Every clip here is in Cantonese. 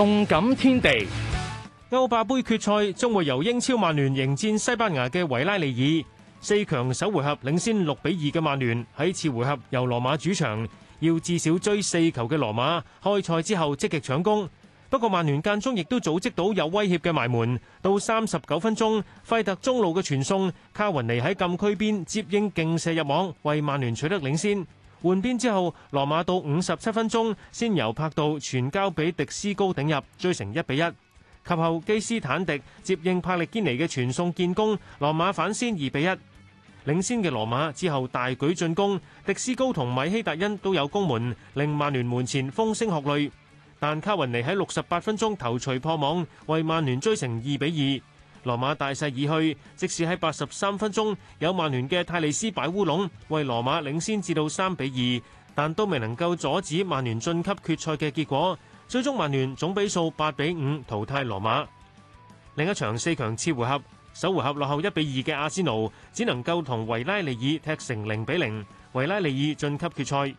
動感天地，歐霸盃決賽將會由英超曼聯迎戰西班牙嘅維拉利爾。四強首回合領先六比二嘅曼聯喺次回合由羅馬主場，要至少追四球嘅羅馬開賽之後積極搶攻，不過曼聯間中亦都組織到有威脅嘅埋門。到三十九分鐘，費特中路嘅傳送，卡雲尼喺禁區邊接應勁射入網，為曼聯取得領先。換邊之後，羅馬到五十七分鐘，先由柏度傳交俾迪斯高頂入，追成一比一。及後基斯坦迪接應帕力堅尼嘅傳送建功，羅馬反先二比一。領先嘅羅馬之後大舉進攻，迪斯高同米希達恩都有攻門，令曼聯門前風聲鶴唳。但卡云尼喺六十八分鐘頭槌破網，為曼聯追成二比二。羅馬大勢已去，即使喺八十三分鐘有曼聯嘅泰利斯擺烏龍，為羅馬領先至到三比二，但都未能夠阻止曼聯晉級決賽嘅結果。最終曼聯總比數八比五淘汰羅馬。另一場四強次回合，首回合落後一比二嘅阿仙奴只能夠同維拉利爾踢成零比零，維拉利爾晉級決賽。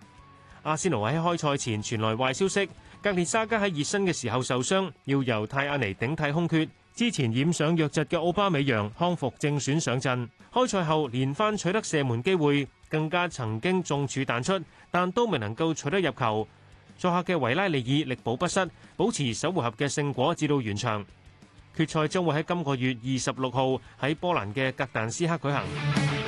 阿仙奴喺開賽前傳來壞消息，格列沙加喺熱身嘅時候受傷，要由泰阿尼頂替空缺。之前染上弱疾嘅奧巴美揚康復正選上陣，開賽後連番取得射門機會，更加曾經中柱彈出，但都未能夠取得入球。作客嘅維拉利爾力保不失，保持首回合嘅勝果至到完場。決賽將會喺今個月二十六號喺波蘭嘅格但斯克舉行。